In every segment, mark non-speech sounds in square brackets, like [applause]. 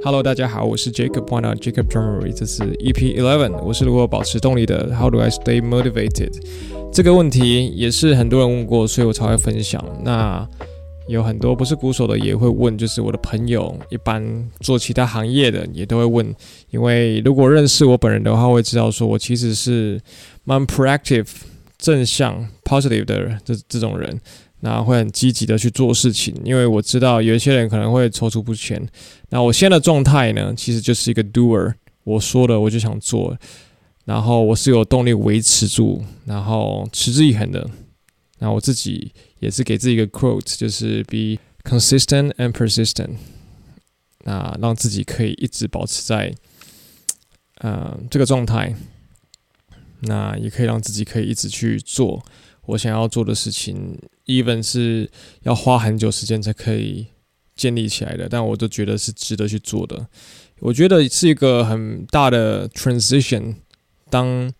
Hello，大家好，我是 Jacob p o i n t out j a c o b Drummery，這是 EP Eleven。我是如何保持動力的？How do I stay motivated？這個問題也是很多人問過，所以我才會分享。那有很多不是鼓手的也會問，就是我的朋友一般做其他行業的也都會問，因為如果認識我本人的話，我會知道說我其實是蠻 p r o a c t i v e 正向、positive 的這這種人。那會很積極的去做事情，因為我知道有一些人可能會躊躇不前。那我現在的狀態呢，其實就是一個 doer，我說的我就想做，然後我是有動力維持住，然後持之以恆的。那我自己也是給自己一個 quote，就是 be consistent and persistent，那讓自己可以一直保持在嗯、呃、這個狀態，那也可以讓自己可以一直去做我想要做的事情。even 是要花很久時間才可以建立起來的，但我都覺得是值得去做的。我覺得是一個很大的 transition，當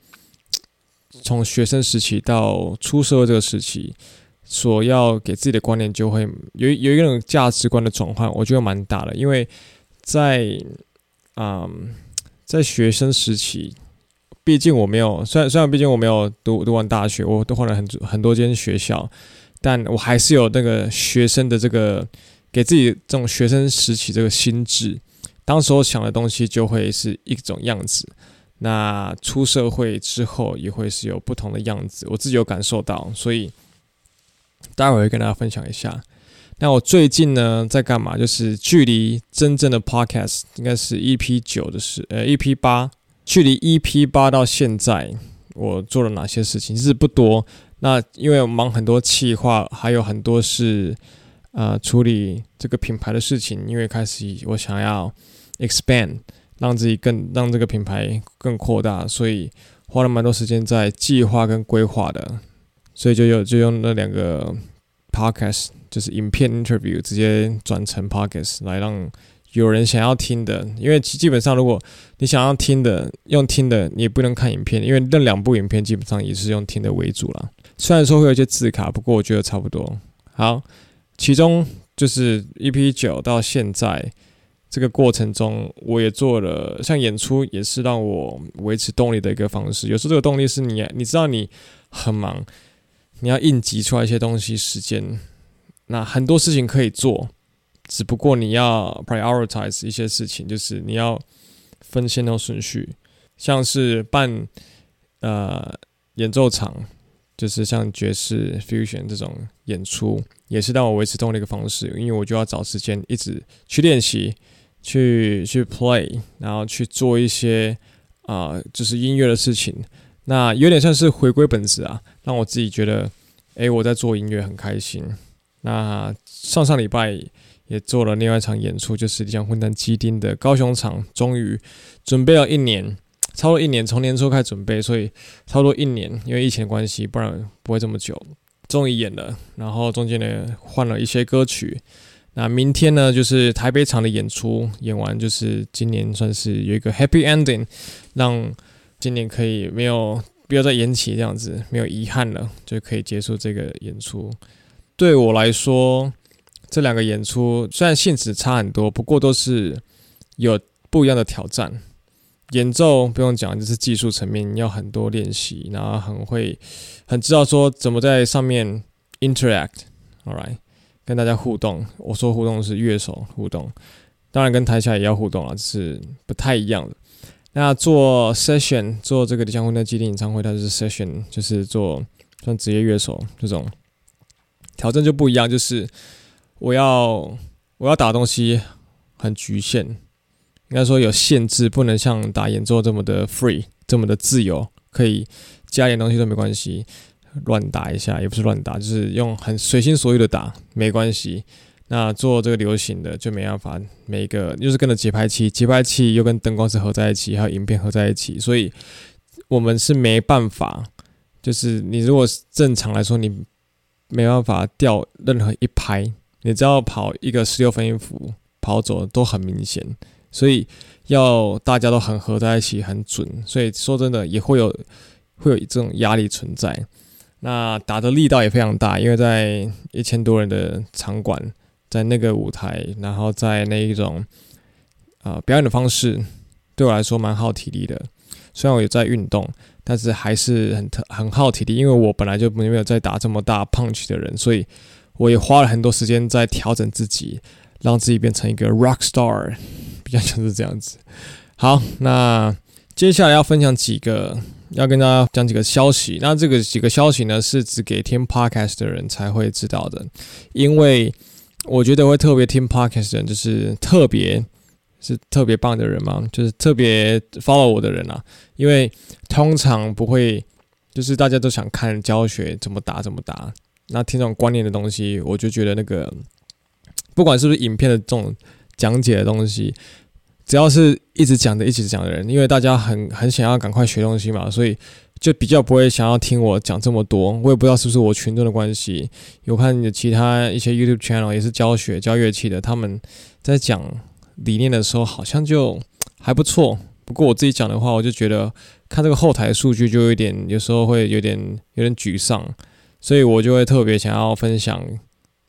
從學生時期到出社會這個時期，所要給自己的觀念就會有有有一種價值觀的轉換，我覺得蠻大的。因為在嗯在學生時期，畢竟我沒有，雖然雖然畢竟我沒有讀讀完大學，我都換了很很多間學校。但我還是有那個學生的這個，給自己這種學生時期這個心智，當時我想的東西就會是一種樣子。那出社會之後也會是有不同的樣子，我自己有感受到，所以待會兒會跟大家分享一下。那我最近呢，在幹嘛？就是距離真正的 Podcast 應該是 EP 九就是，呃，EP 八，EP8，距離 EP 八到現在，我做了哪些事情？其實不多。那因為我忙很多企劃，還有很多事，呃，處理這個品牌的事情。因為開始我想要 expand，讓自己更讓這個品牌更擴大，所以花了蠻多時間在計劃跟規劃的。所以就有就用那兩個 podcast，就是影片 interview 直接轉成 podcast 來讓有人想要聽的。因為基本上如果你想要聽的用聽的，你也不能看影片，因為那兩部影片基本上也是用聽的為主啦。雖然說會有一些字卡，不過我覺得差不多。好，其中就是 EP 九到現在這個過程中，我也做了，像演出也是讓我維持動力的一個方式。有時候這個動力是你，你知道你很忙，你要應急出來一些東西時間，那很多事情可以做，只不過你要 prioritize 一些事情，就是你要分先後順序，像是辦呃演奏場。就是像爵士 fusion 這種演出，也是讓我維持動力的方式，因為我就要找時間一直去練習，去去 play，然後去做一些啊、呃，就是音樂的事情。那有點像是回歸本質啊，讓我自己覺得，哎，我在做音樂很開心。那上上禮拜也做了另外一場演出，就是像混蛋基丁的高雄場，終於準備了一年。差不多一年，從年初開始準備，所以差不多一年，因為疫情的關係，不然不會這麼久。終於演了，然後中間呢換了一些歌曲。那明天呢就是台北場的演出，演完就是今年算是有一個 Happy Ending，讓今年可以沒有不要再延期這樣子，沒有遺憾了，就可以結束這個演出。對我來說，這兩個演出雖然性質差很多，不過都是有不一樣的挑戰。演奏不用講，就是技術層面你要很多練習，然後很會，很知道說怎麼在上面 interact，alright，跟大家互動。我說互動是樂手互動，當然跟台下也要互動啊，只、就是不太一樣的。那做 session，做這個李江湖的基地演唱會，它就是 session，就是做像職業樂手這種挑戰就不一樣，就是我要我要打東西很局限。應該說有限制，不能像打演奏這麼的 free，這麼的自由，可以加一點東西都沒關係，亂打一下也不是亂打，就是用很隨心所欲的打，沒關係。那做這個流行的就沒辦法，每個又、就是跟着節拍器，節拍器又跟燈光是合在一起，還有影片合在一起，所以我們是沒辦法。就是你如果正常來說，你沒辦法掉任何一拍，你只要跑一個十六分音符跑走都很明顯。所以要大家都很合在一起，很準。所以說真的也會有會有這種壓力存在。那打的力道也非常大，因為在一千多人的場館，在那個舞台，然後在那一種啊、呃、表演的方式，對我來說蠻耗體力的。雖然我有在運動，但是還是很很耗體力，因為我本來就沒有在打這麼大 punch 的人，所以我也花了很多時間在調整自己，讓自己變成一個 rock star。比 [laughs] 就是這樣子。好，那接下來要分享幾個，要跟大家講幾個消息。那這個幾個消息呢，是只給聽 podcast 的人才會知道的，因為我覺得會特別聽 podcast 的人，就的人，就是特別是特別棒的人嘛，就是特別 follow 我的人啊。因為通常不會，就是大家都想看教學怎麼打怎麼打，那聽這種觀念的東西，我就覺得那個，不管是不是影片的這種講解的東西。只要是一直講的，一直講的人，因為大家很很想要趕快學東西嘛，所以就比較不會想要聽我講這麼多。我也不知道是不是我群眾的關係，有看你的其他一些 YouTube channel 也是教學教樂器的，他們在講理念的時候好像就還不錯。不過我自己講的話，我就覺得看這個後台數據就有點，有時候會有點有點沮喪，所以我就會特別想要分享，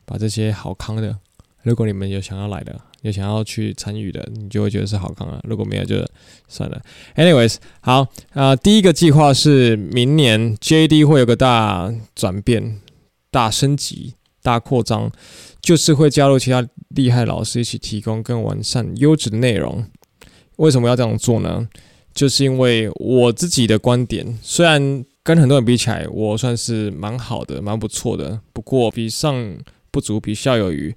把這些好康的，如果你們有想要來的。有想要去參與的，你就會覺得是好看啊。如果沒有，就算了。Anyways，好啊，呃，第一個計劃是明年 JD 會有個大轉變、大升級、大擴張，就是會加入其他厲害老師一起提供更完善、優質的內容。為什麼要這樣做呢？就是因為我自己的觀點，雖然跟很多人比起來，我算是蠻好的、蠻不錯的，不過比上不足，比下有餘。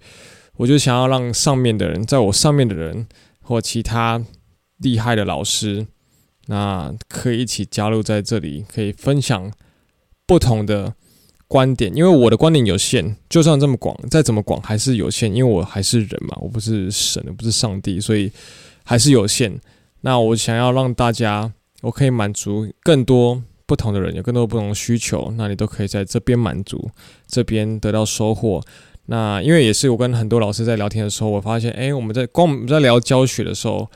我就想要讓上面的人，在我上面的人或其他厲害的老師，那可以一起加入在這裡，可以分享不同的觀點。因為我的觀點有限，就算這麼廣，再怎麼廣還是有限，因為我還是人嘛，我不是神，我不是上帝，所以還是有限。那我想要讓大家，我可以滿足更多不同的人，有更多不同的需求，那你都可以在這邊滿足，這邊得到收穫。那因為也是我跟很多老師在聊天的時候，我發現，誒、欸，我們在跟我們在聊教學的時候，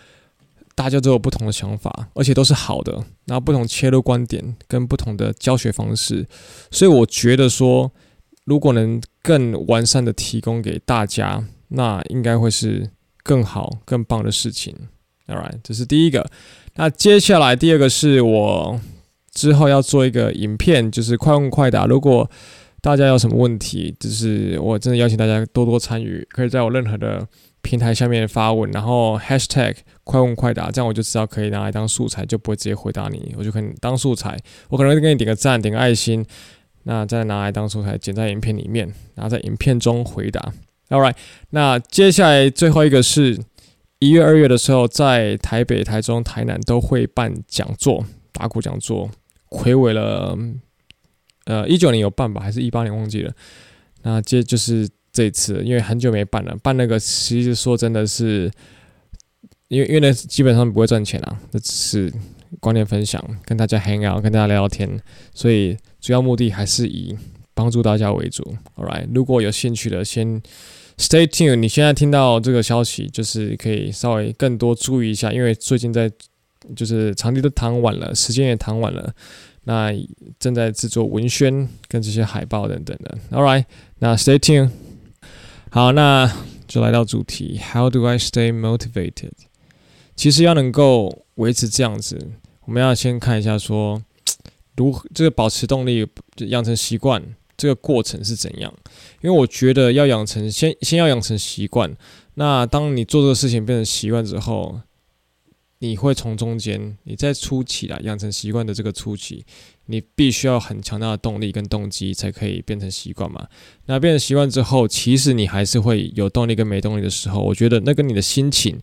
大家都有不同的想法，而且都是好的，那不同切入觀點跟不同的教學方式，所以我覺得說，如果能更完善的提供給大家，那應該會是更好更棒的事情。All right，這是第一個。那接下來第二個是我之後要做一個影片，就是快問快答，如果。大家有什麼問題，就是我真的邀請大家多多參與，可以在我任何的平台下面發問，然後 hashtag 快問快答，這樣我就知道可以拿來當素材，就不會直接回答你，我就可以當素材，我可能會給你點個贊，點個愛心，那再拿來當素材剪在影片裡面，然後在影片中回答。All right，那接下來最後一個是一月、二月的時候，在台北、台中、台南都會辦講座，打鼓講座，睽違了。呃，一九年有辦吧，還是一八年忘記了？那這就是這一次，因為很久沒辦了。辦那個其實說真的是，因為因為那基本上不會賺錢啊，這只是觀念分享，跟大家 hang out，跟大家聊聊天，所以主要目的還是以幫助大家為主。All right，如果有興趣的，先 stay tuned。你現在聽到這個消息，就是可以稍微更多注意一下，因為最近在就是場地都談完了，時間也談完了。那正在製作文宣跟這些海報等等的。All right，那 stay tuned。好，那就來到主題。How do I stay motivated？其實要能夠維持這樣子，我們要先看一下說，如何這個保持動力、養成習慣這個過程是怎樣。因為我覺得要養成，先先要養成習慣。那當你做這個事情變成習慣之後，你會從中間，你在初期啊，養成習慣的這個初期，你必須要很強大的動力跟動機，才可以變成習慣嘛。那變成習慣之後，其實你還是會有動力跟沒動力的時候。我覺得那跟你的心情，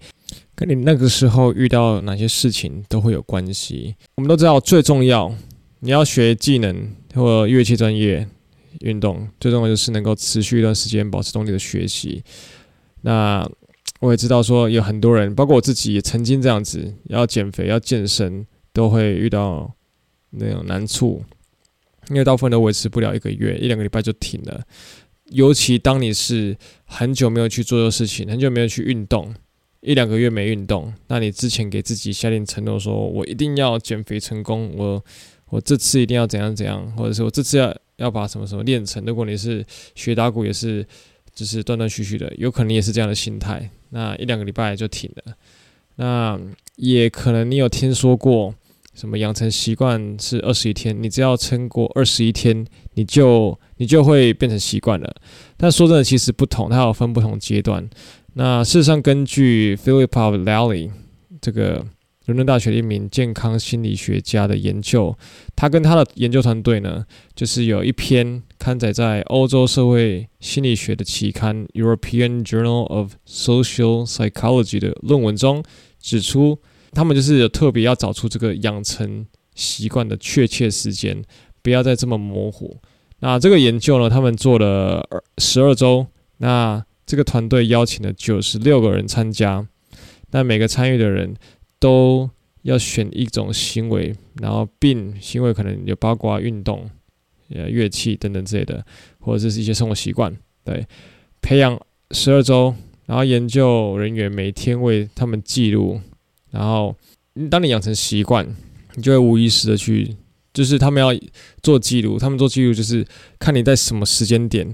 跟你那個時候遇到哪些事情都會有關係。我們都知道，最重要你要學技能或樂器、專業運動，最重要就是能夠持續一段時間保持動力的學習。那我也知道，說有很多人，包括我自己，也曾經這樣子，要減肥、要健身，都會遇到那種難處，因為大部分都維持不了一個月，一兩個禮拜就停了。尤其當你是很久沒有去做這個事情，很久沒有去運動，一兩個月沒運動，那你之前給自己下定承諾，說我一定要減肥成功，我我這次一定要怎樣怎樣，或者是我這次要要把什麼什麼練成。如果你是學打鼓，也是只、就是斷斷續續的，有可能也是這樣的心態。那一兩個禮拜就停了，那也可能你有聽說過什麼養成習慣是二十一天，你只要撐過二十一天，你就你就會變成習慣了。但說真的，其實不同，它有分不同階段。那事實上，根據 Philip Lally 這個。倫敦大學一名健康心理學家的研究，他跟他的研究團隊呢，就是有一篇刊載在歐洲社會心理學的期刊《European Journal of Social Psychology》的論文中，指出他們就是有特別要找出這個養成習慣的確切時間，不要再這麼模糊。那這個研究呢，他們做了十二週。那這個團隊邀請了九十六個人參加，那每個參與的人。都要選一種行為，然後並行為可能有包括運動、呃樂器等等之類的，或者是一些生活習慣。對，培養十二週，然後研究人員每天為他們記錄，然後當你養成習慣，你就會無意識的去，就是他們要做記錄，他們做記錄就是看你在什麼時間點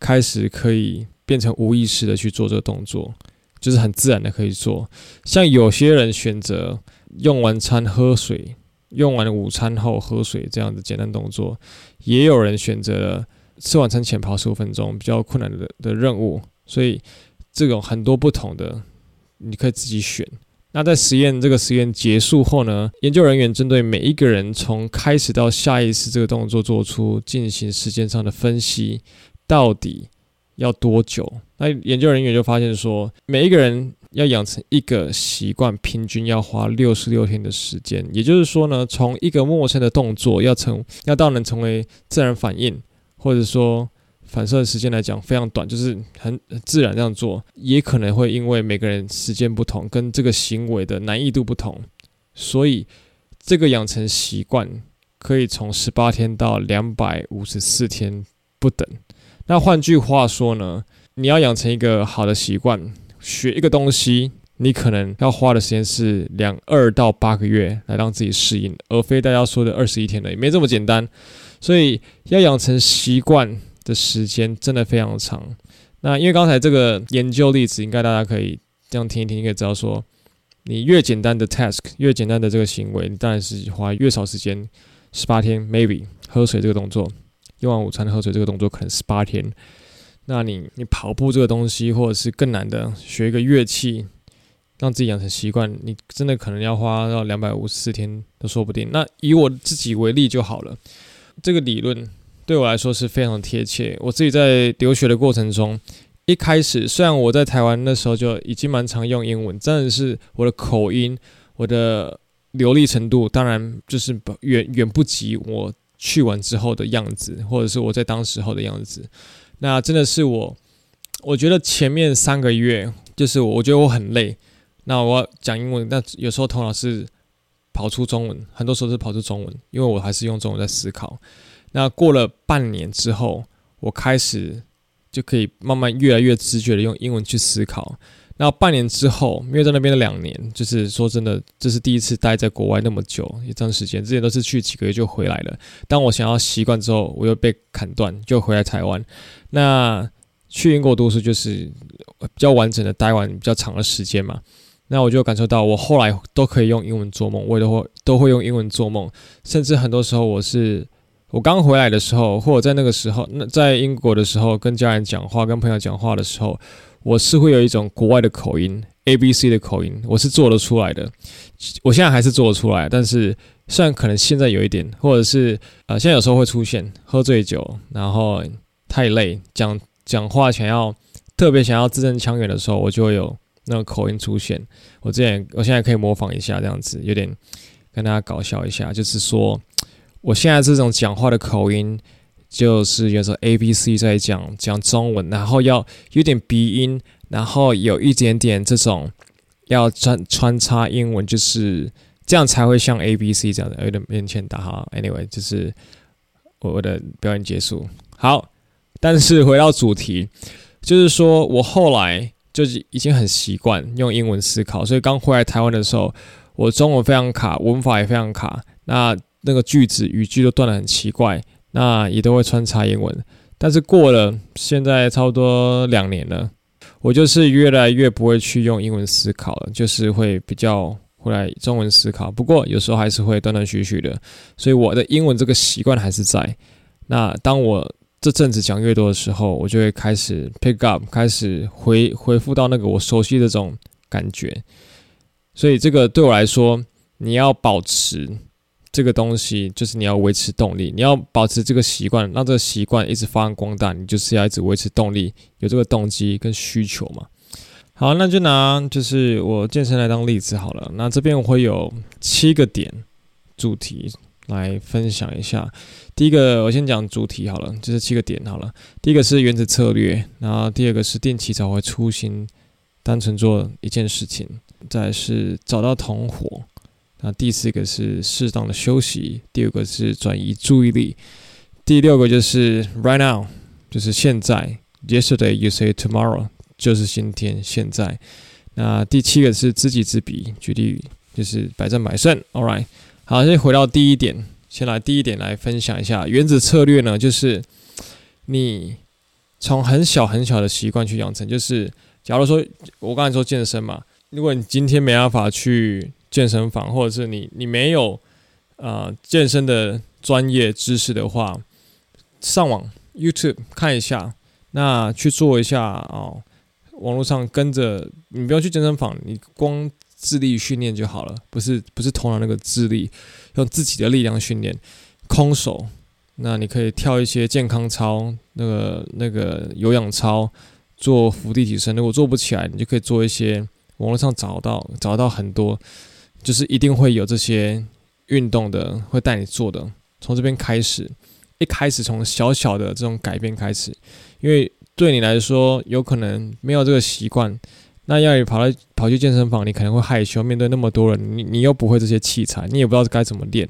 開始可以變成無意識的去做這個動作。就是很自然的可以做，像有些人選擇用完餐喝水，用完午餐後喝水這樣的簡單動作，也有人選擇吃晚餐前跑十五分鐘比較困難的的任務，所以這種很多不同的，你可以自己選。那在實驗這個實驗結束後呢，研究人員針對每一個人從開始到下一次這個動作做出進行時間上的分析，到底。要多久？那研究人員就發現說，每一個人要養成一個習慣，平均要花六十六天的時間。也就是說呢，從一個陌生的動作要成，要到能成為自然反應，或者說反射的時間來講，非常短，就是很自然這樣做。也可能會因為每個人時間不同，跟這個行為的難易度不同，所以這個養成習慣可以從十八天到兩百五十四天不等。那換句話說呢，你要養成一個好的習慣，學一個東西，你可能要花的時間是兩二到八個月來讓自己適應，而非大家說的二十一天而已，也沒這麼簡單。所以要養成習慣的時間真的非常長。那因為剛才這個研究例子，應該大家可以這樣聽一聽，可以知道說，你越簡單的 task，越簡單的這個行為，你當然是花越少時間，十八天 maybe 喝水這個動作。用完午餐喝水這個動作可能18天，那你你跑步這個東西，或者是更難的，學一個樂器，讓自己養成習慣，你真的可能要花到兩百五十四天都說不定。那以我自己為例就好了，這個理論對我來說是非常貼切。我自己在留學的過程中，一開始雖然我在台灣的時候就已經蠻常用英文，但是我的口音、我的流利程度，當然就是遠遠不及我，去完之後的樣子，或者是我在當時候的樣子，那真的是我，我覺得前面三個月就是我，我覺得我很累。那我講英文，那有時候頭腦是跑出中文，很多時候是跑出中文，因為我還是用中文在思考。那過了半年之後，我開始就可以慢慢越來越直覺的用英文去思考。那半年之後，因為在那邊的兩年，就是說真的，這是第一次待在國外那麼久一段時間。之前都是去幾個月就回來了。當我想要習慣之後，我又被砍斷，就回來台灣。那去英國讀書就是比較完整的待完比較長的時間嘛。那我就感受到，我後來都可以用英文做夢，我也都會都會用英文做夢。甚至很多時候，我是我剛回來的時候，或者在那個時候，在英國的時候，跟家人講話，跟朋友講話的時候。我是會有一種國外的口音，A B C 的口音，我是做得出來的。我現在還是做得出來，但是雖然可能現在有一點，或者是呃，現在有時候會出現喝醉酒，然後太累，講講話想要特別想要字正腔圓的時候，我就會有那種口音出現。我之前，我現在可以模仿一下這樣子，有點跟大家搞笑一下，就是說我現在這種講話的口音。就是有時候 ABC 在講講中文，然後要有點鼻音，然後有一點點這種要穿穿插英文，就是這樣才會像 ABC 這樣的有點勉強打哈。Anyway，就是我的表演結束。好，但是回到主題，就是說我後來就是已經很習慣用英文思考，所以剛回來台灣的時候，我中文非常卡，文法也非常卡，那那個句子語句都斷得很奇怪。那也都會穿插英文，但是過了現在差不多兩年了，我就是越來越不會去用英文思考了，就是會比較回來中文思考。不過有時候還是會斷斷續續的，所以我的英文這個習慣還是在。那當我這陣子講越多的時候，我就會開始 pick up，開始回回復到那個我熟悉的這種感覺。所以這個對我來說，你要保持。這個東西就是你要維持動力，你要保持這個習慣，讓這個習慣一直發揚光大，你就是要一直維持動力，有這個動機跟需求嘛。好，那就拿就是我健身來當例子好了。那這邊我會有七個點主題來分享一下。第一個我先講主題好了，就是七個點好了。第一個是原則策略，然後第二個是定期找回初心，單純做一件事情，再是找到同夥。那第四個是適當的休息，第五個是轉移注意力，第六個就是 right now，就是現在；yesterday you say tomorrow，就是今天現在。那第七個是知己知彼，舉例就是百戰百勝。All right，好，先回到第一點，先來第一點來分享一下原子策略呢，就是你從很小很小的習慣去養成，就是假如說我剛才說健身嘛，如果你今天沒辦法去。健身房，或者是你你沒有啊、呃、健身的專業知識的話，上網 YouTube 看一下，那去做一下哦。網絡上跟着你，不要去健身房，你光自力訓練就好了。不是不是頭腦那個智力，用自己的力量訓練，空手。那你可以跳一些健康操，那個那個有氧操，做伏地挺身。如果做不起來，你就可以做一些網絡上找到找到很多。就是一定會有這些運動的，會帶你做的。從這邊開始，一開始從小小的這種改變開始，因為對你來說，有可能沒有這個習慣。那要你跑來跑去健身房，你可能會害羞，面對那麼多人，你你又不會這些器材，你也不知道該怎麼練。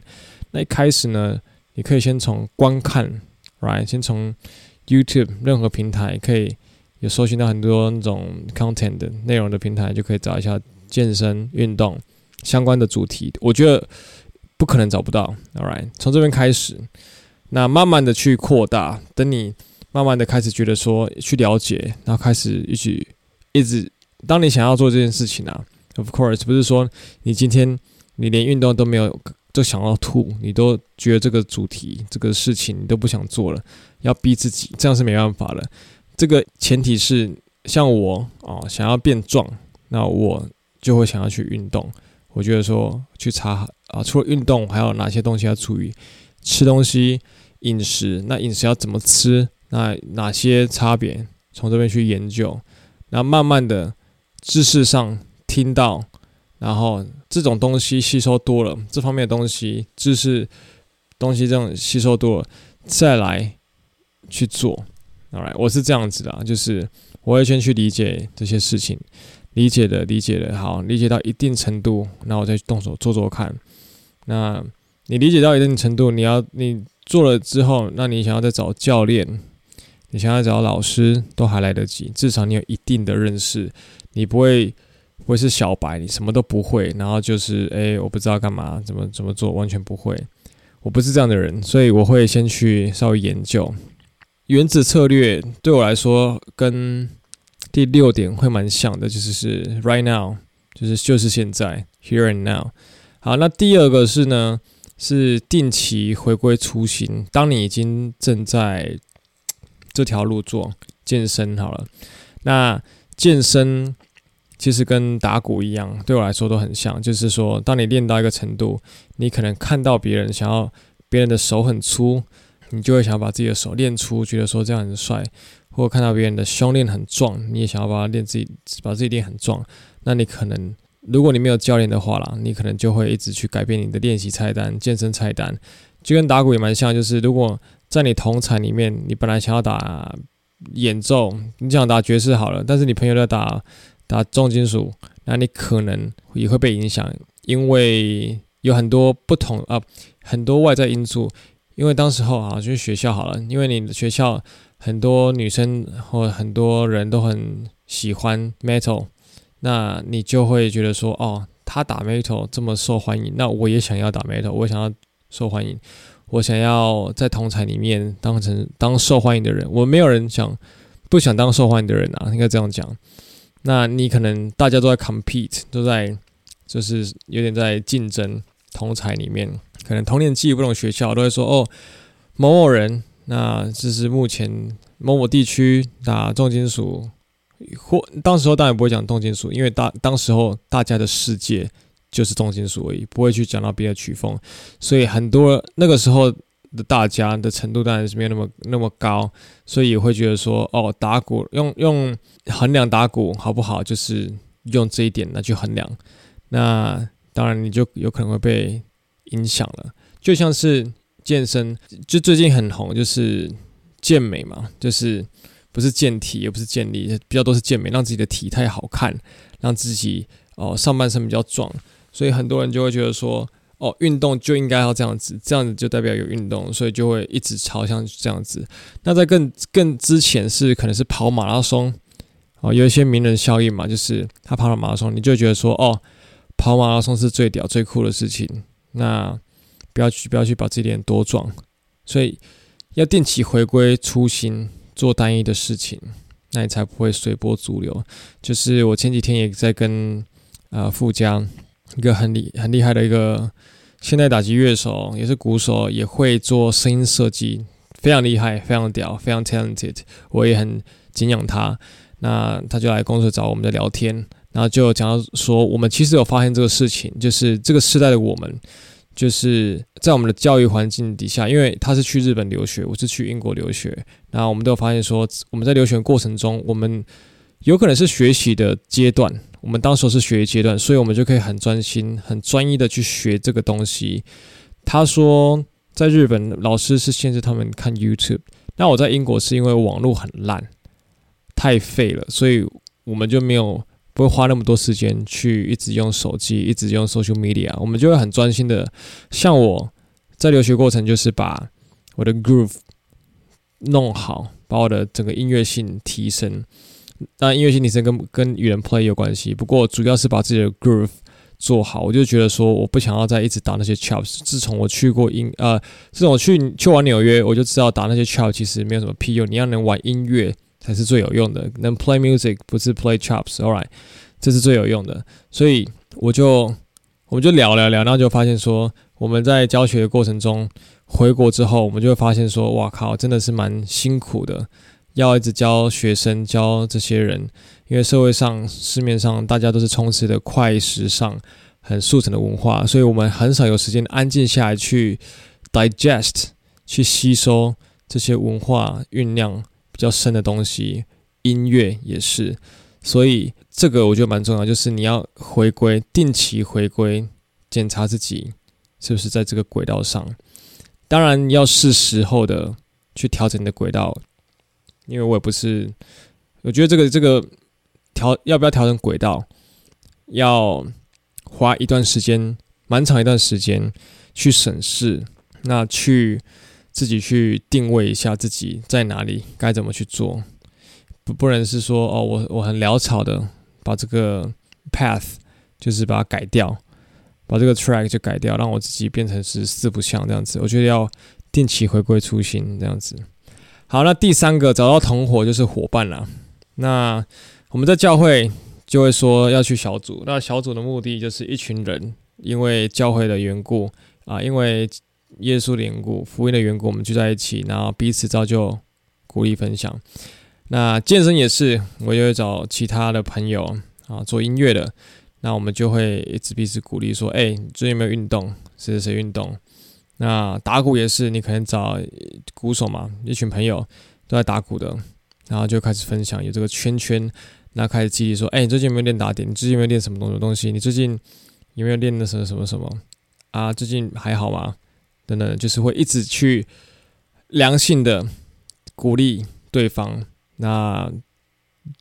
那一開始呢，你可以先從觀看，Right？先從 YouTube 任何平台可以有搜尋到很多那種 content 內容的平台，就可以找一下健身運動。相關的主題，我覺得不可能找不到。All right，從這邊開始，那慢慢的去擴大，等你慢慢的開始覺得說去了解，然後開始一直一直，當你想要做這件事情啊，Of course，不是說你今天你連運動都沒有，就想要吐，你都覺得這個主題這個事情你都不想做了，要逼自己，這樣是沒辦法了。這個前提是像我哦，想要變壯，那我就會想要去運動。我覺得說去查啊，除了運動，還有哪些東西要注意？吃東西、飲食，那飲食要怎麼吃？那哪些差別？從這邊去研究，那慢慢的知識上聽到，然後這種東西吸收多了，這方面的東西知識東西這種吸收多了，再來去做。Alright，我是這樣子的啊，就是我會先去理解這些事情。理解的，理解的，好，理解到一定程度，那我再動手做做看。那你理解到一定程度，你要你做了之後，那你想要再找教練，你想要找老師都還來得及，至少你有一定的認識，你不會不會是小白，你什麼都不會，然後就是哎，我不知道幹嘛，怎麼怎麼做，完全不會。我不是這樣的人，所以我會先去稍微研究。原子策略對我來說跟。第六點會蠻像的，就是是 right now，就是就是現在 here and now。好，那第二個是呢，是定期回歸初心。當你已經正在這條路做健身好了，那健身其實跟打鼓一樣，對我來說都很像。就是說，當你練到一個程度，你可能看到別人想要，別人的手很粗，你就會想要把自己的手練粗，覺得說這樣很帥。或者看到別人的胸練很壯，你也想要把練自己把自己練很壯，那你可能如果你沒有教練的話啦，你可能就會一直去改變你的練習菜單、健身菜單，就跟打鼓也蠻像，就是如果在你同儕裡面，你本來想要打演奏，你想打爵士好了，但是你朋友在打打重金屬，那你可能也會被影響，因為有很多不同啊，很多外在因素，因為當時候啊，就是學校好了，因為你的學校。很多女生、或很多人都很喜歡 metal，那你就會覺得說，哦，他打 metal 這麼受歡迎，那我也想要打 metal，我想要受歡迎，我想要在同儕裡面當成當受歡迎的人。我沒有人想不想當受歡迎的人啊，應該這樣講。那你可能大家都在 compete，都在就是有點在競爭，同儕裡面，可能同年紀不同學校都會說，哦，某某人。那這是目前某某地區打重金屬，或當時候當然不會講重金屬，因為大當時候大家的世界就是重金屬而已，不會去講到別的曲風，所以很多那個時候的大家的程度當然是沒有那麼那麼高，所以也會覺得說哦，打鼓用用衡量打鼓好不好，就是用這一點來去衡量，那當然你就有可能會被影響了，就像是。健身就最近很紅，就是健美嘛，就是不是健體，也不是健力，比較都是健美，讓自己的體態好看，讓自己哦、呃、上半身比較壯，所以很多人就會覺得說，哦，運動就應該要這樣子，這樣子就代表有運動，所以就會一直朝向這樣子。那在更更之前是可能是跑馬拉松哦、呃，有一些名人效應嘛，就是他跑了馬拉松，你就覺得說，哦，跑馬拉松是最屌最酷的事情，那，不要去，不要去把自己臉多撞。所以要定期回歸初心，做單一的事情，那你才不會隨波逐流。就是我前幾天也在跟啊、呃、富江，一個很厲很厲害的一個現代打擊樂手，也是鼓手，也會做聲音設計，非常厲害，非常屌，非常 talented，我也很敬仰他。那他就來公司找我們在聊天，然後就講到說，我們其實有發現這個事情，就是這個時代的我們。就是在我們的教育環境底下，因為他是去日本留學，我是去英國留學，那我們都有發現說，我們在留學的過程中，我們有可能是學習的階段，我們當時是學習階段，所以我們就可以很專心、很專一的去學這個東西。他說在日本老師是限制他們看 YouTube，那我在英國是因為網絡很爛，太廢了，所以我們就沒有。不會花那麼多時間去一直用手機，一直用 social media，我們就會很專心的。像我在留學過程，就是把我的 groove 弄好，把我的整個音樂性提升。那音樂性提升跟跟與人 play 有關係，不過主要是把自己的 groove 做好。我就覺得說，我不想要再一直打那些 chops。自從我去過英，呃，自從我去去完紐約，我就知道打那些 chops 其實沒有什麼屁用。你要能玩音樂。才是最有用的，能 play music 不是 play chops，alright，這是最有用的。所以我就我們就聊聊聊，然後就發現說，我們在教學的過程中，回國之後，我們就會發現說，哇靠，真的是蠻辛苦的，要一直教學生教這些人，因為社會上市面上大家都是充斥著快時尚、很速成的文化，所以我們很少有時間安靜下來去 digest，去吸收這些文化醞釀。比較深的東西，音樂也是，所以這個我覺得蠻重要，就是你要回歸，定期回歸檢查自己是不是在這個軌道上。當然，要是時候的去調整你的軌道，因為我也不是，我覺得這個這個調要不要調整軌道，要花一段時間，蠻長一段時間去審視，那去。自己去定位一下自己在哪裡，該怎麼去做，不，不能是說哦，我我很潦草的把這個 path 就是把它改掉，把這個 track 就改掉，讓我自己變成是四不像這樣子。我覺得要定期回歸初心這樣子。好，那第三個找到同夥就是夥伴啦。那我們在教會就會說要去小組，那小組的目的就是一群人，因為教會的緣故啊，因為。耶穌的緣故，福音的緣故，我們聚在一起，然後彼此造就、鼓勵、分享。那健身也是，我就會找其他的朋友啊，做音樂的，那我們就會一直彼此鼓勵，說：哎、欸，最近有沒有運動？誰誰誰運動？那打鼓也是，你可能找鼓手嘛，一群朋友都在打鼓的，然後就開始分享有這個圈圈，然後開始激勵說：哎、欸，你最近有沒有練打點？你最近有沒有練什麼東西東西？你最近有沒有練那什麼什麼什麼？啊，最近還好嗎？真的就是會一直去良性的鼓勵對方。那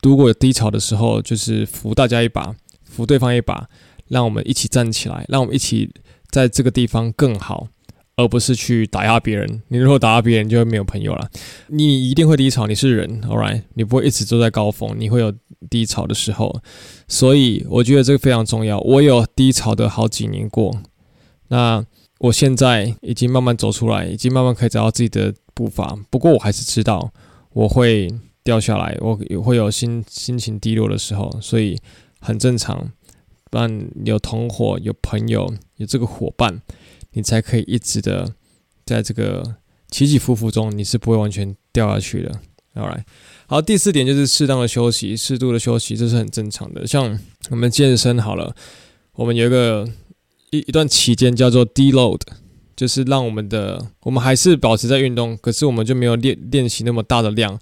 如果有低潮的時候，就是扶大家一把，扶對方一把，讓我們一起站起來，讓我們一起在這個地方更好，而不是去打壓別人。你如果打壓別人，就會沒有朋友了。你一定會低潮，你是人，All right，你不會一直都在高峰，你會有低潮的時候。所以我覺得這個非常重要。我有低潮的好幾年過，那。我現在已經慢慢走出來，已經慢慢可以找到自己的步伐。不過我還是知道我會掉下來，我也會有心心情低落的時候，所以很正常。但有同伙、有朋友、有這個伙伴，你才可以一直的在這個起起伏伏中，你是不會完全掉下去的。All right，好，第四點就是適當的休息，適度的休息，這是很正常的。像我們健身好了，我們有一個。一一段期間叫做 deload，就是讓我們的我們還是保持在運動，可是我們就沒有練練習那麼大的量，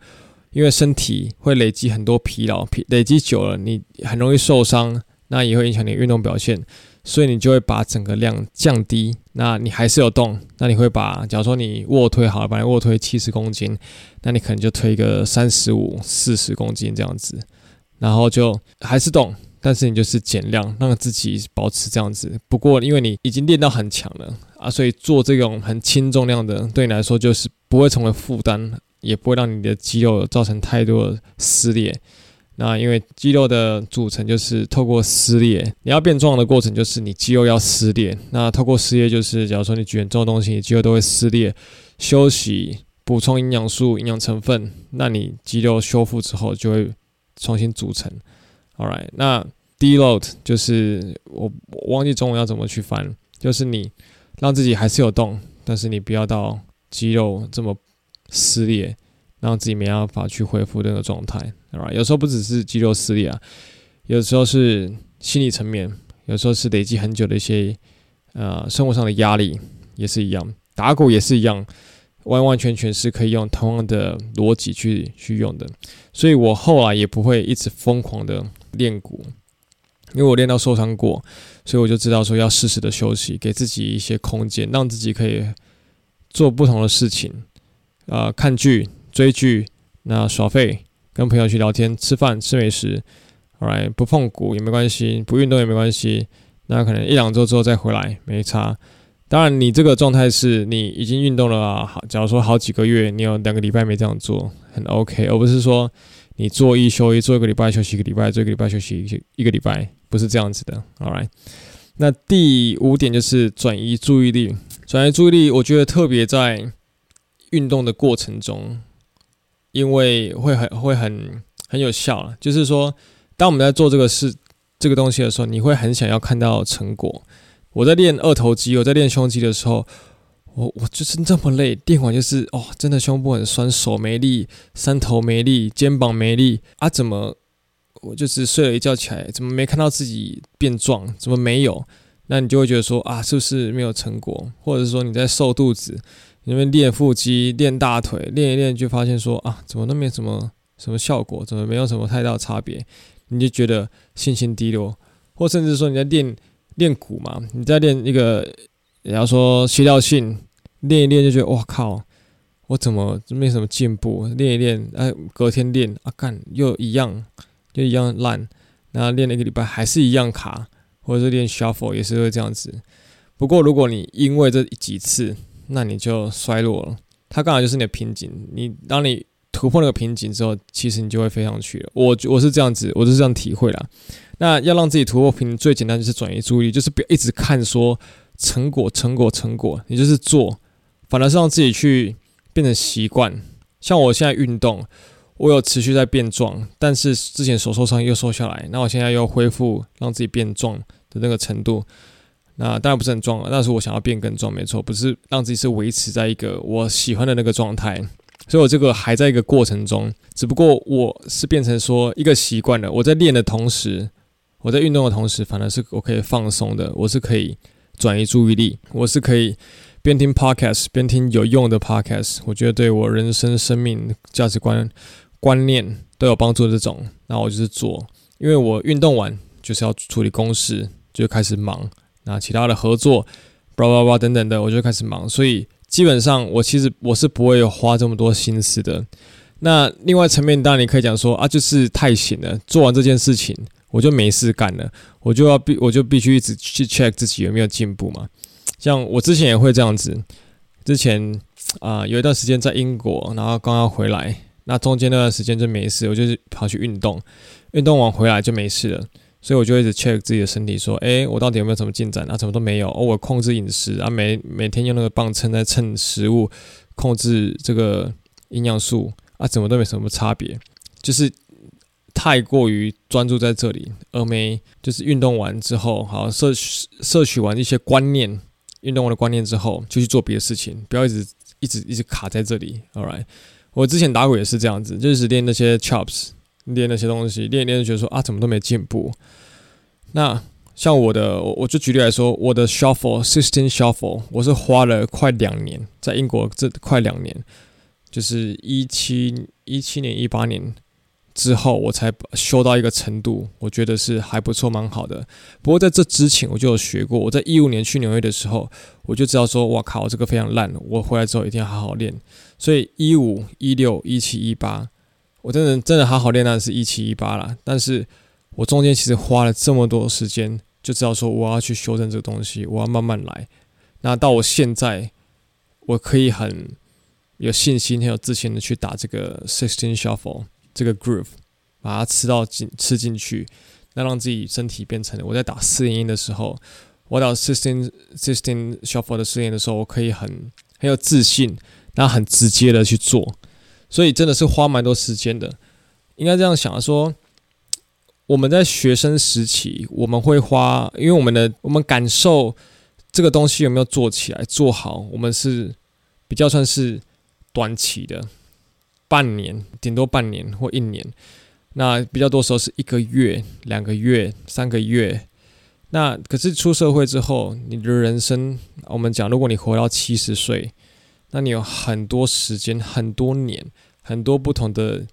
因為身體會累積很多疲勞，疲累積久了你很容易受傷，那也會影響你的運動表現，所以你就會把整個量降低。那你還是有動，那你會把假如說你臥推好了，把你臥推七十公斤，那你可能就推個三十五、四十公斤這樣子，然後就還是動。但是你就是減量，讓自己保持這樣子。不過因為你已經練到很強了啊，所以做這種很輕重量的，對你來說就是不會成為負擔，也不會讓你的肌肉造成太多的撕裂。那因為肌肉的組成就是透過撕裂，你要變壯的過程就是你肌肉要撕裂。那透過撕裂就是，假如說你舉重東西，肌肉都會撕裂，休息，補充營養素、營養成分，那你肌肉修復之後就會重新組成。Alright，l 那。De-load 就是我忘記中文要怎麼去翻，就是你讓自己還是有動，但是你不要到肌肉這麼撕裂，讓自己沒辦法去恢復那個狀態，right？有時候不只是肌肉撕裂啊，有時候是心理層面，有時候是累積很久的一些呃生活上的壓力也是一樣，打鼓也是一樣，完完全全是可以用同樣的邏輯去去用的，所以我後來也不會一直瘋狂的練鼓。因為我練到受傷過，所以我就知道說要適時的休息，給自己一些空間，讓自己可以做不同的事情，啊、呃，看劇、追劇、那耍廢、跟朋友去聊天、吃飯、吃美食，All right，不碰鼓也沒關係，不運動也沒關係，那可能一兩週之後再回來沒差。當然，你這個狀態是你已經運動了、啊，好，假如說好幾個月，你有兩個禮拜沒這樣做，很 OK，而不是說。你做一休一，做一個禮拜休息一個禮拜，做一個禮拜休息一一個禮拜，不是這樣子的。All right，那第五點就是轉移注意力。轉移注意力，我覺得特別在運動的過程中，因為會很會很很有效。就是說，當我們在做這個事這個東西的時候，你會很想要看到成果。我在練二頭肌，我在練胸肌的時候。我我就是那麼累，練完就是哦，真的胸部很酸，手沒力，三頭沒力，肩膀沒力啊？怎麼我就是睡了一覺起來，怎麼沒看到自己變壯？怎麼沒有？那你就會覺得說啊，是不是沒有成果？或者說你在瘦肚子，你在練腹肌、練大腿，練一練就發現說啊，怎麼都沒什麼什麼效果，怎麼沒有什麼太大差別？你就覺得信心低落，或甚至說你在練練鼓嘛，你在練一個你要說協調性。練一練就覺得哇靠，我怎麼沒什麼進步？練一練，哎，隔天練啊幹又一樣，又一樣爛。然後練了一個禮拜還是一樣卡，或者是練 shuffle 也是會這樣子。不過如果你因為這幾次，那你就衰落了。它剛好就是你的瓶頸。你當你突破那個瓶頸之後，其實你就會飛上去了。我我是這樣子，我就是這樣體會啦。那要讓自己突破瓶頸，最簡單就是轉移注意力，就是不要一直看說成果成果成果，你就是做。反而是讓自己去變成習慣，像我現在運動，我有持續在變壯，但是之前手受傷又瘦下來，那我現在又恢復讓自己變壯的那個程度，那當然不是很壯了，但是我想要變更壯，沒錯，不是讓自己是維持在一個我喜歡的那個狀態，所以我這個還在一個過程中，只不過我是變成說一個習慣了，我在練的同時，我在運動的同時，反而是我可以放鬆的，我是可以轉移注意力，我是可以。邊聽 podcast，邊聽有用的 podcast，我覺得對我人生、生命、價值觀、觀念都有幫助。這種，那我就是做，因為我運動完就是要處理公事，就開始忙。那其他的合作，叭叭叭等等的，我就開始忙。所以基本上，我其實我是不會有花這麼多心思的。那另外層面，當然你可以講說啊，就是太閒了，做完這件事情，我就沒事幹了，我就要必我就必須一直去 check 自己有沒有進步嘛。像我之前也會這樣子，之前啊、呃、有一段時間在英國，然後剛剛回來，那中間那段時間就沒事，我就是跑去運動，運動完回來就沒事了，所以我就一直 check 自己的身體，說，誒、欸、我到底有沒有什麼進展？啊，什麼都沒有。哦，我控制飲食啊，每每天用那個磅秤在稱食物，控制這個營養素啊，怎麼都沒什麼差別，就是太過於專注在這裡，而沒就是運動完之後，好像攝攝取,取完一些觀念。運動的觀念之後，就去做別的事情，不要一直一直一直卡在這裡。All right，我之前打鼓也是這樣子，就是練那些 chops，練那些東西，練一練就覺得說啊，怎麼都沒進步？那像我的，我我就舉例來說，我的 shuffle sixteen shuffle，我是花了快兩年，在英國這快兩年，就是一七一七年一八年。之後我才修到一個程度，我覺得是還不錯，蠻好的。不過在這之前我就有學過。我在一五年去紐約的時候，我就知道說，哇靠，這個非常爛。我回來之後一定要好好練。所以一五、一六、一七、一八，我真的真的好好練，那是一七一八啦。但是我中間其實花了這麼多時間，就知道說我要去修正這個東西，我要慢慢來。那到我現在，我可以很有信心、很有自信的去打這個 sixteen shuffle。這個 groove，把它吃到進吃進去，那讓自己身體變成我在打四連音的時候，我打 sixteen sixteen shuffle 的四連音的時候，我可以很很有自信，那很直接的去做，所以真的是花蠻多時間的。應該這樣想說，我們在學生時期，我們會花，因為我們的我們感受這個東西有沒有做起來做好，我們是比較算是短期的。半年，頂多半年或一年，那比較多時候是一個月、兩個月、三個月。那可是出社會之後，你的人生，我們講，如果你活到七十歲，那你有很多時間、很多年、很多不同的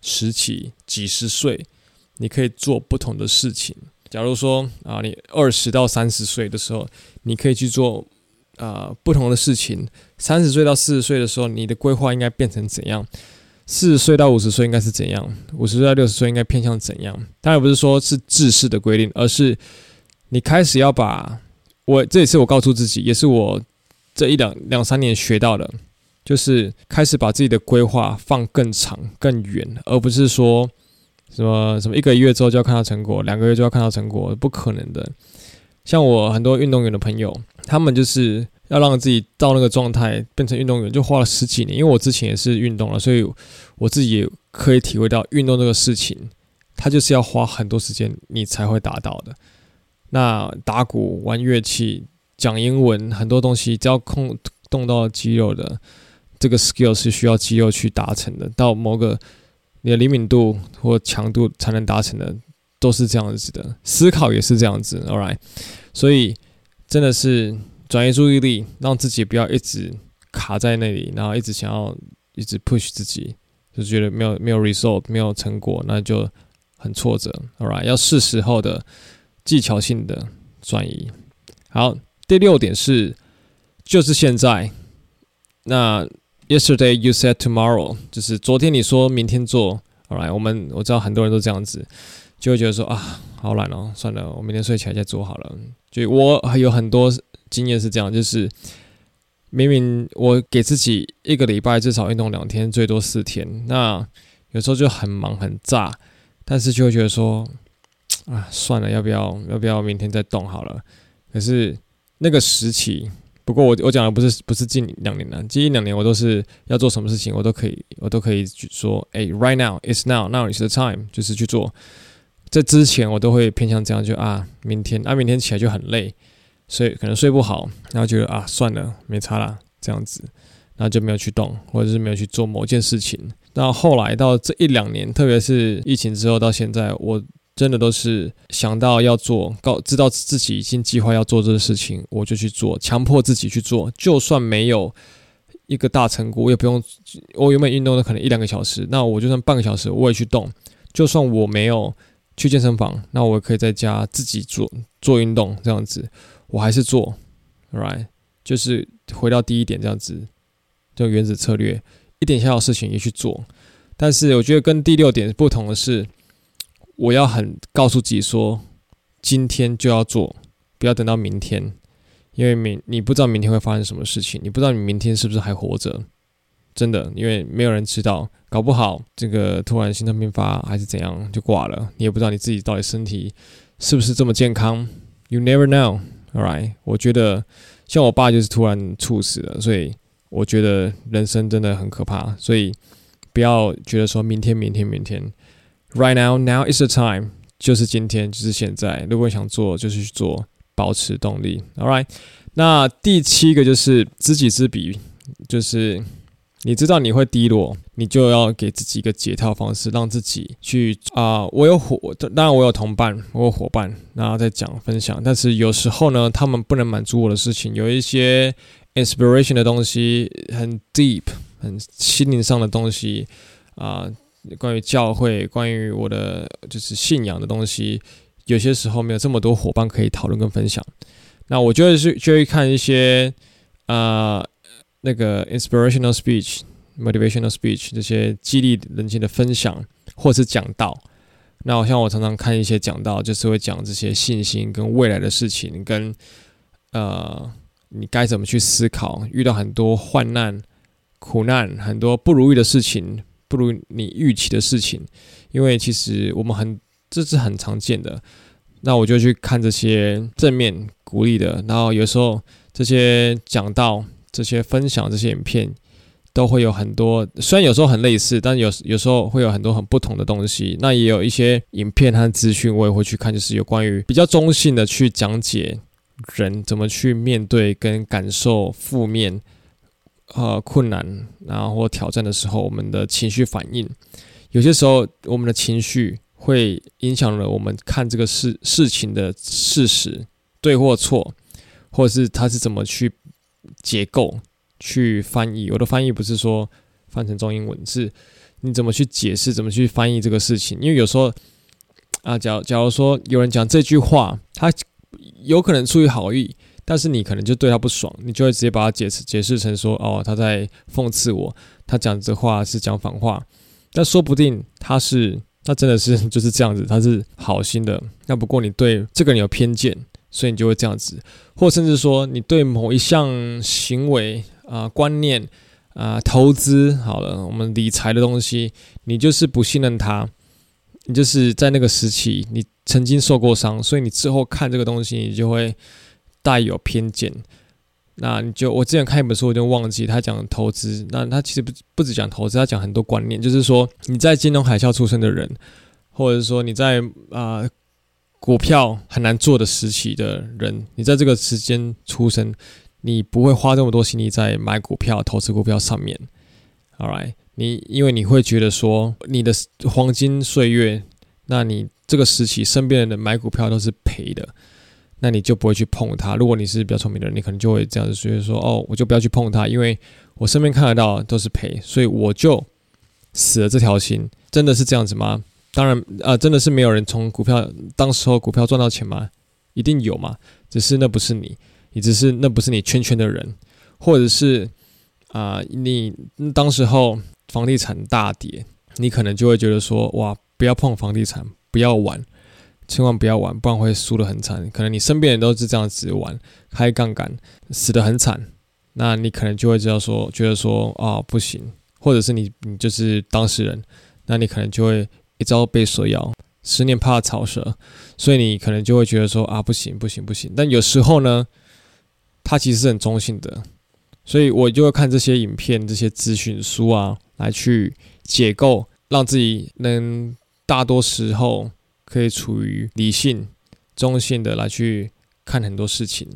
時期，幾十歲，你可以做不同的事情。假如說啊，你二十到三十歲的時候，你可以去做。呃，不同的事情，三十歲到四十歲的時候，你的規劃應該變成怎樣？四十歲到五十歲應該是怎樣？五十歲到六十歲應該偏向怎樣？當然不是說是制式的規定，而是你開始要把我這也是我告訴自己，也是我這一兩兩三年學到的，就是開始把自己的規劃放更長更遠，而不是說什麼什麼一個月之後就要看到成果，兩個月就要看到成果，不可能的。像我很多運動員的朋友，他們就是。要讓自己到那個狀態變成運動員，就花了十幾年。因為我之前也是運動了，所以我自己也可以體會到，運動這個事情，它就是要花很多時間你才會達到的。那打鼓、玩樂器、講英文，很多東西只要控動到肌肉的這個 skill 是需要肌肉去達成的，到某個你的靈敏度或強度才能達成的，都是這樣子的。思考也是這樣子，all right，所以真的是。轉移注意力，讓自己不要一直卡在那裡，然後一直想要一直 push 自己，就覺得沒有沒有 result 沒有成果，那就很挫折。All right，要適時候的技巧性的轉移。好，第六點是就是現在。那 yesterday you said tomorrow，就是昨天你說明天做。All right，我們我知道很多人都這樣子。就會覺得說啊，好懶哦、喔，算了，我明天睡起來再做好了。就我有很多經驗是這樣，就是明明我給自己一個禮拜至少運動兩天，最多四天，那有時候就很忙很炸，但是就會覺得說啊，算了，要不要要不要明天再動好了。可是那個時期，不過我我講的不是不是近兩年了，近一兩年我都是要做什麼事情我，我都可以我都可以去說，哎、欸、，right now, it's now，now is the time，就是去做。在之前我都會偏向這樣，就啊，明天啊，明天起來就很累，所以可能睡不好，然後覺得啊，算了，沒差啦，這樣子，然後就沒有去動，或者是沒有去做某件事情。那後，後來到這一兩年，特別是疫情之後到現在，我真的都是想到要做，告知道自己已經計劃要做這個事情，我就去做，強迫自己去做，就算沒有一個大成果，我也不用我原本運動都可能一兩個小時，那我就算半個小時，我也去動，就算我沒有。去健身房，那我也可以在家自己做做運動，這樣子我還是做，right？就是回到第一點這樣子，就原子策略，一點小小事情也去做。但是我覺得跟第六點不同的是，我要很告訴自己說，今天就要做，不要等到明天，因為明你不知道明天會發生什麼事情，你不知道你明天是不是還活着。真的，因為沒有人知道，搞不好這個突然心臟病發還是怎樣就掛了，你也不知道你自己到底身體是不是這麼健康，You never know，All right？我覺得像我爸就是突然猝死了，所以我覺得人生真的很可怕，所以不要覺得說明天、明天、明天，Right now, now is the time，就是今天，就是現在，如果想做就是去做，保持動力，All right？那第七個就是知己知彼，就是。你知道你會低落，你就要給自己一個解套方式，讓自己去啊、呃。我有伙，當然我有同伴，我有伙伴，然後再講分享。但是有時候呢，他們不能滿足我的事情，有一些 inspiration 的東西，很 deep，很心靈上的東西啊、呃，關於教會，關於我的就是信仰的東西，有些時候沒有這麼多伙伴可以討論跟分享。那我就會去，就會看一些啊。呃那個 inspirational speech、motivational speech 這些激勵人心的分享，或是講道。那好像我常常看一些講道，就是會講這些信心跟未來的事情，跟呃，你該怎麼去思考，遇到很多患難、苦難，很多不如意的事情，不如你預期的事情。因為其實我們很這是很常見的。那我就去看這些正面鼓勵的，然後有時候這些講道。這些分享這些影片，都會有很多，雖然有時候很類似，但有有時候會有很多很不同的東西。那也有一些影片和資訊，我也會去看，就是有關於比較中性的去講解人怎麼去面對跟感受負面呃困難，然後或挑戰的時候，我們的情緒反應。有些時候，我們的情緒會影響了我們看這個事事情的事實對或錯，或者是他是怎麼去。結構去翻譯，我的翻譯不是說翻成中英文字，是你怎麼去解釋，怎麼去翻譯這個事情？因為有時候啊，假如假如說有人講這句話，他有可能出於好意，但是你可能就對他不爽，你就會直接把它解釋解釋成說，哦，他在諷刺我，他講這話是講反話，但說不定他是他真的是就是這樣子，他是好心的。那不過你對這個人有偏見。所以你就會這樣子，或甚至說你對某一項行為啊、呃、觀念啊、呃、投資好了，我們理財的東西，你就是不信任它。你就是在那個時期，你曾經受過傷，所以你之後看這個東西，你就會帶有偏見。那你就我之前看一本書，我就忘記他講投資，那他其實不不只講投資，他講很多觀念，就是說你在金融海嘯出生的人，或者是說你在啊。呃股票很難做的時期的人，你在這個時間出生，你不會花這麼多心力在買股票、投資股票上面。Alright，你因為你會覺得說你的黃金歲月，那你這個時期身邊的人買股票都是賠的，那你就不會去碰它。如果你是比較聰明的人，你可能就會這樣子，所以說哦，我就不要去碰它，因為我身邊看得到都是賠，所以我就死了這條心。真的是這樣子嗎？當然，啊，真的是沒有人從股票當時候股票賺到錢嗎？一定有嘛，只是那不是你，你只是那不是你圈圈的人，或者是啊、呃，你當時候房地產大跌，你可能就會覺得說，哇，不要碰房地產，不要玩，千萬不要玩，不然會輸得很慘。可能你身邊人都是這樣子玩，開槓桿，死得很慘，那你可能就會知道說，覺得說，啊、哦，不行，或者是你你就是當事人，那你可能就會。一朝被蛇咬，十年怕草蛇，所以你可能就會覺得說啊，不行不行不行。但有時候呢，它其實是很中性的，所以我就會看這些影片、這些資訊書啊，來去解構，讓自己能大多時候可以處於理性、中性的來去看很多事情。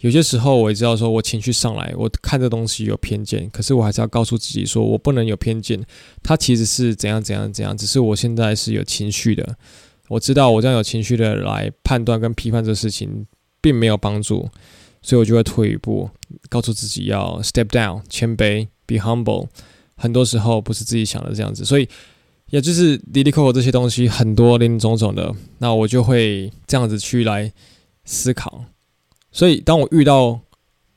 有些時候，我也知道說我情緒上來，我看這東西有偏見，可是我還是要告訴自己，說我不能有偏見。它其實是怎樣怎樣怎樣，只是我現在是有情緒的。我知道我這樣有情緒的來判斷跟批判這事情，並沒有幫助，所以我就會退一步，告訴自己要 step down，謙卑，be humble。很多時候不是自己想的這樣子，所以也就是哩哩扣扣這些東西很多林林總總的，那我就會這樣子去來思考。所以，當我遇到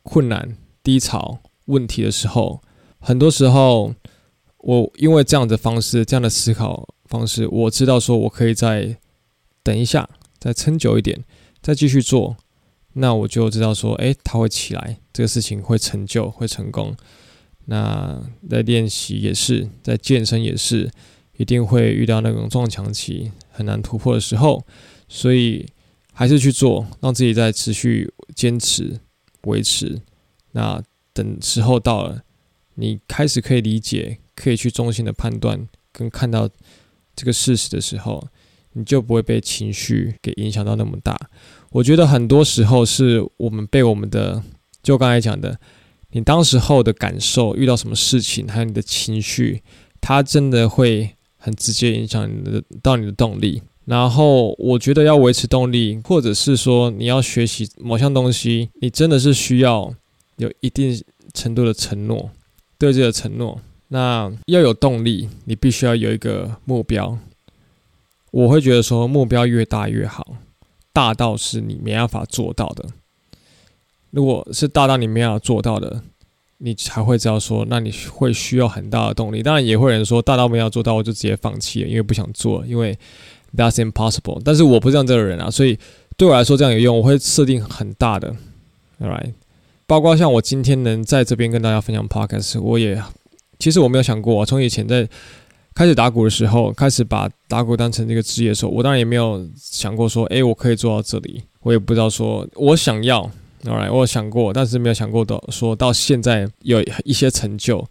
困難、低潮、問題的時候，很多時候，我因為這樣的方式、這樣的思考方式，我知道說我可以再等一下，再撐久一點，再繼續做，那我就知道說，哎、欸，它會起來，這個事情會成就、會成功。那在練習也是，在健身也是，一定會遇到那種撞牆期、很難突破的時候，所以。還是去做，讓自己在持續堅持、維持。那等時候到了，你開始可以理解，可以去中性的判斷跟看到這個事實的時候，你就不會被情緒給影響到那麼大。我覺得很多時候是我們被我們的，就剛才講的，你當時候的感受、遇到什麼事情，還有你的情緒，它真的會很直接影響你的到你的動力。然後我覺得要維持動力，或者是說你要學習某項東西，你真的是需要有一定程度的承諾，對自己的承諾。那要有動力，你必須要有一個目標。我會覺得說目標越大越好，大到是你沒辦法做到的。如果是大到你沒法做到的，你才會知道說，那你會需要很大的動力。當然也會有人說，大到沒法做到，我就直接放棄了，因為不想做，因為。That's impossible，但是我不像這樣，這個人啊，所以對我來說這樣有用。我會設定很大的，all right。Alright, 包括像我今天能在這邊跟大家分享 podcast 我也其實我沒有想過、啊。從以前在開始打鼓的時候，開始把打鼓當成這個職業的時候，我當然也沒有想過說，哎、欸，我可以做到這裡。我也不知道說，我想要，all right，我想過，但是沒有想過的，說到現在有一些成就。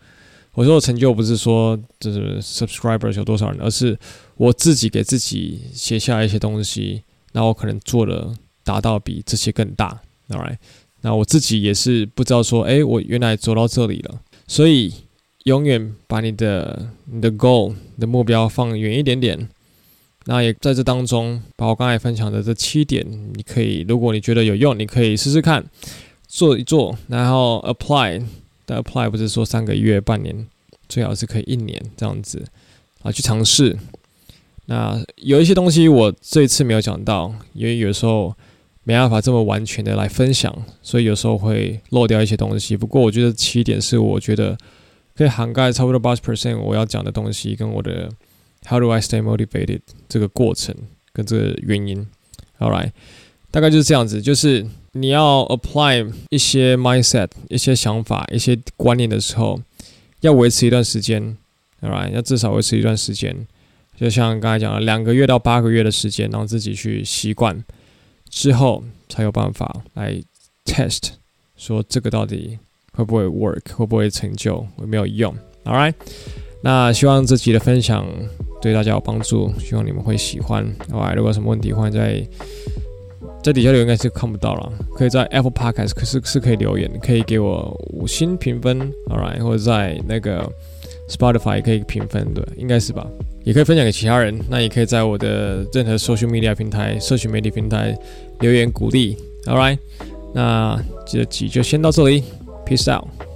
我說的成就不是說就是 subscribers 有多少人，而是我自己給自己寫下一些東西，那我可能做的達到比這些更大，all right？那我自己也是不知道說，哎，我原來走到這裡了，所以永遠把你的你的 goal 你的目標放遠一點點。那也在這當中，把我剛才分享的這七點，你可以，如果你覺得有用，你可以試試看做一做，然後 apply。Apply 不是說三個月、半年，最好是可以一年這樣子啊去嘗試。那有一些東西我這一次沒有講到，因為有時候沒辦法這麼完全的來分享，所以有時候會漏掉一些東西。不過我覺得七點是我覺得可以涵蓋差不多八十 percent 我要講的東西跟我的 How do I stay motivated 這個過程跟這個原因。好，來，大概就是這樣子，就是。你要 apply 一些 mindset、一些想法、一些觀念的時候，要維持一段時間，all right，要至少維持一段時間。就像剛才講的，兩個月到八個月的時間，然後自己去習慣，之後才有辦法來 test，說這個到底會不會 work，會不會成就，有沒有用，all right。Alright? 那希望這集的分享對大家有幫助，希望你們會喜歡 all right。Alright? 如果有什麼問題，歡迎在在底下留言應該是看不到了，可以在 Apple Podcast 是是可以留言，可以給我五星評分，All right，或者在那個 Spotify 也可以評分，對，應該是吧，也可以分享給其他人。那也可以在我的任何 social media 平台、社群媒體平台留言鼓勵，All right，那這集就先到這裡，Peace out。